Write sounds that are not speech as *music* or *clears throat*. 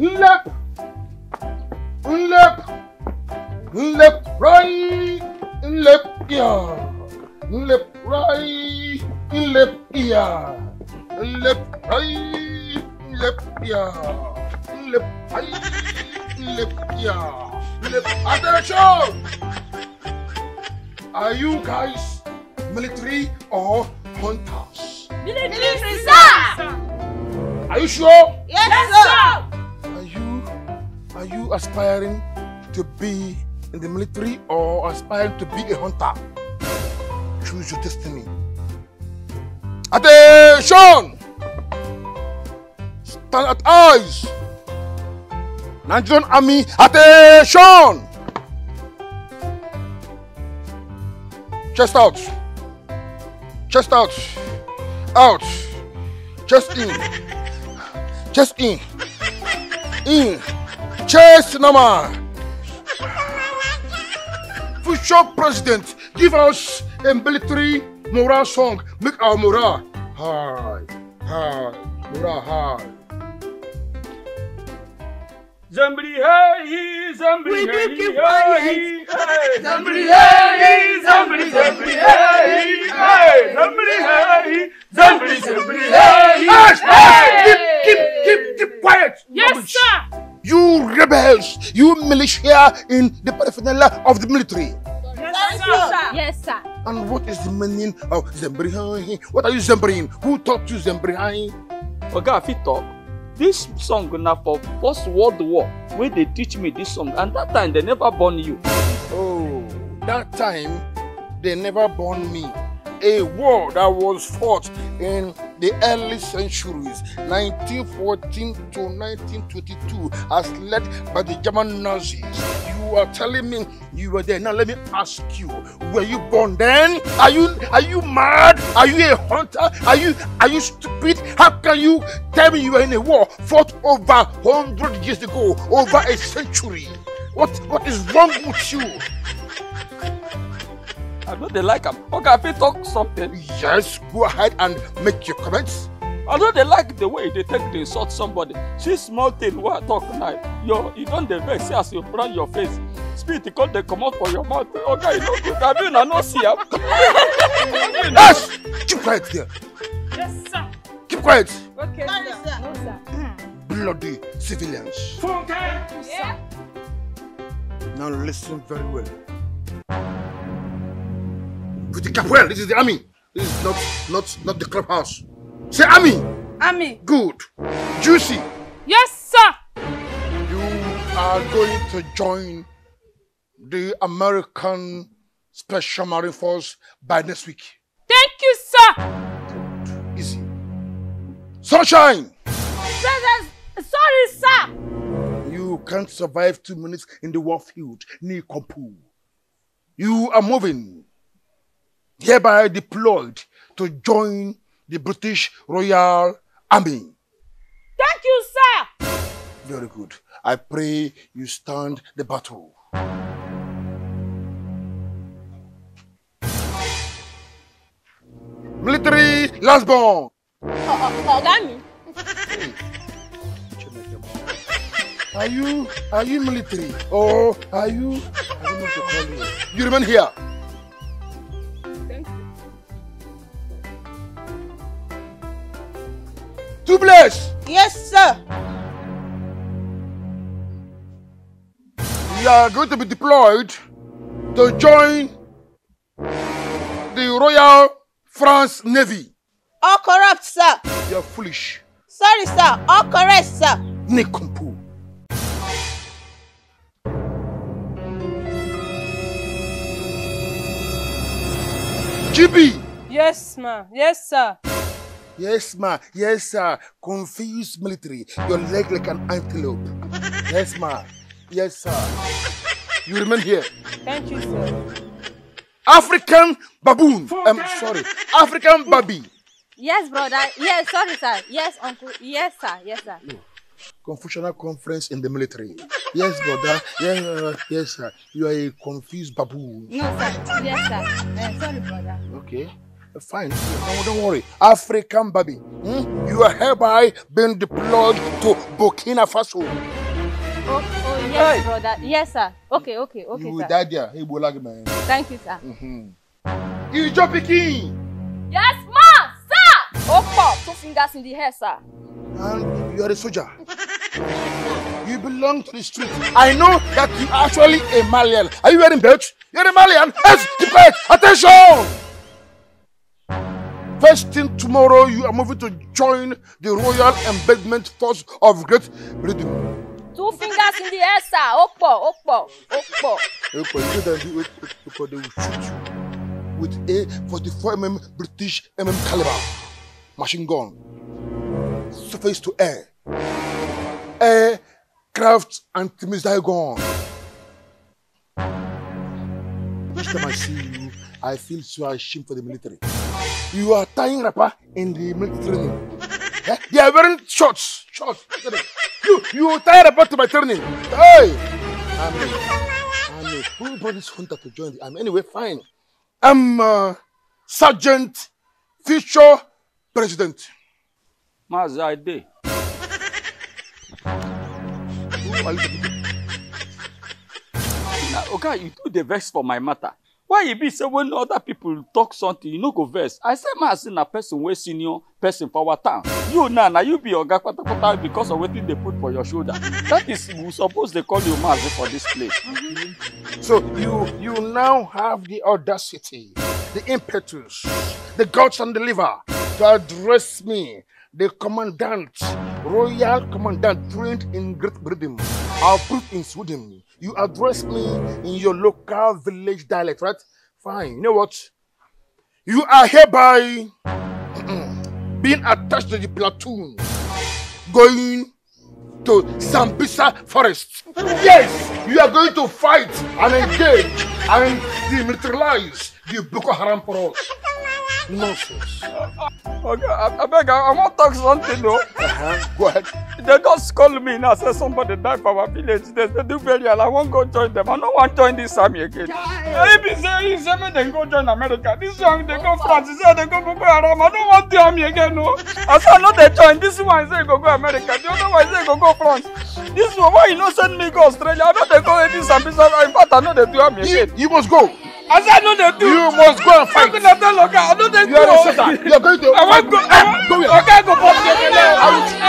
left, left, left, right, left yeah, left, right, left yeah, left, right, left yeah, left, right, left yeah. left. Attention! Are you guys military or hunters? Military, military sir. sir. Are you sure? Yes, yes sir. sir. Are you aspiring to be in the military or aspiring to be a hunter? Choose your destiny. Attention! Stand at eyes! Nigerian Army, attention! Chest out. Chest out. Out. Chest in. Chest in. In. chairman, *laughs* future president, give us a military morale song, make our morale high, high, morale high. Zambri hey, Zambri hey, Zambri hey, Zambri hey, Zambri hey. fish here in the paraphernalia of the military? Yes, sir. Yes, sir. And what is the meaning of Zembrihai? What are you Zembrihing? Who taught you Zembrihai? Oga, if you talk, this song na for First World War Where they teach me this song and that time they never born you. Oh, that time they never born me. A war that was fought in the early centuries, 1914 to 1922, as led by the German Nazis. You are telling me you were there. Now let me ask you, were you born then? Are you are you mad? Are you a hunter? Are you are you stupid? How can you tell me you were in a war fought over hundred years ago, over a century? What what is wrong with you? I know they like them. Okay, I fit talk something. Yes, go ahead and make your comments. I know they like the way they take to insult somebody. See small thing wey I talk now. Your you don dey vex as you brown your face. Spirit call the command for your mouth. Oga, you know good. Abi una no see am. Yes! Keep quiet here. Yes, sir. Keep quiet. Okay, Sorry, sir. No, sir. Bloody civilians. Funke! Yes, Now listen very well. the Capoeira, this is the army. This is not not not the clubhouse. Say army. Army. Good. Juicy. Yes, sir. You are going to join the American Special Marine Force by next week. Thank you, sir. Good. Easy. Sunshine. sorry, sir. You can't survive two minutes in the war field near You are moving Thereby deployed to join the British Royal Army. Thank you, sir. Very good. I pray you stand the battle. Military last born. Ọ̀gá mi. Are you are you military or are you? I don't know what to call you. You remain here. Doublage! Yes, sir. You are going to be deployed to join the Royal France Navy. All corrupt, sir. You are foolish. Sorry, sir. All correct, sir. Nikumpu. GB. Yes, ma. Yes, sir. Yes, ma. Yes, sir. Confused military. Your leg like an antelope. yes, ma. Yes, sir. You remain here. Thank you, sir. African baboon. I'm um, sorry. African baby. Yes, brother. Yes, sorry, sir. Yes, uncle. Yes, sir. Yes, sir. Confucianal conference in the military. Yes, brother. Yes, uh, yes, sir. You are a confused baboon. No, sir. Yes, sir. Uh, sorry, brother. Okay. Fine. Oh, don't worry. African baby, hmm? you are hereby being deployed to Burkina Faso. Oh, oh yes, hey. brother. Yes, sir. Okay, okay, okay, you sir. die there. Hey, bolag man. Thank you, sir. Mm-hmm. the key. Yes, ma, sir. Opo, two fingers in the hair, sir. And you are a soldier. you belong to the street. I know that you are actually a Malian. Are you wearing belt? You're a Malian. Yes, deployed. Attention. First thing tomorrow, you are moving to join the royal embedment force of Great Britain. Two fingers in the air, sir. Opo, opo, opo. Opo, you can do it. Opo, they will shoot you with a 44mm British MM caliber machine gun. Surface to air. Aircraft anti-missile gun. Each time I see you, I feel so ashamed for the military. You are tying wrapper in the military training. eh? You are wearing shorts. Shorts. You, you tie wrapper to my training. Hey! am. a, Who brought this hunter to join the army? Anyway, fine. I'm uh, Sergeant Future President. Mazaide. Okay, you do the best for my matter. why e be say when other people talk something you no go vex i say ma say na person wey senior person for our town you now na you be oga patapata because of wetin dey put for your shoulder that is we suppose dey call you maazi for this place. so you you now have the audacity the impetus the guts and the liver to address me the commandant, royal commandant trained in Great Britain, approved in Sweden. You address me in your local village dialect, right? Fine. You know what? You are hereby *clears throat* being attached to the platoon, going to Sambisa forest. Yes, you are going to fight and engage and demilitarize the Boko Haram for us. Nonsense. Okay, I, I beg, I, I want talk something, no? Uh-huh. Go ahead. They just call me now, say somebody died from our village. They they do burial. I won't go join them. I don't want to join this army again. If he say, he say, make go join America. This young, they go France. He say, they go go Haram. I don't want the army again, no? I say, no, they join. This one say, go go America. The other one say, go go France. This one, why you not send me go Australia? I know they go this army. In fact, I know they do army again. You, you must go. I said, no, they do. You must go and fight. I'm going to tell Oga. I don't think do. You are You are going to. I want go. I want go. Oga, go I will.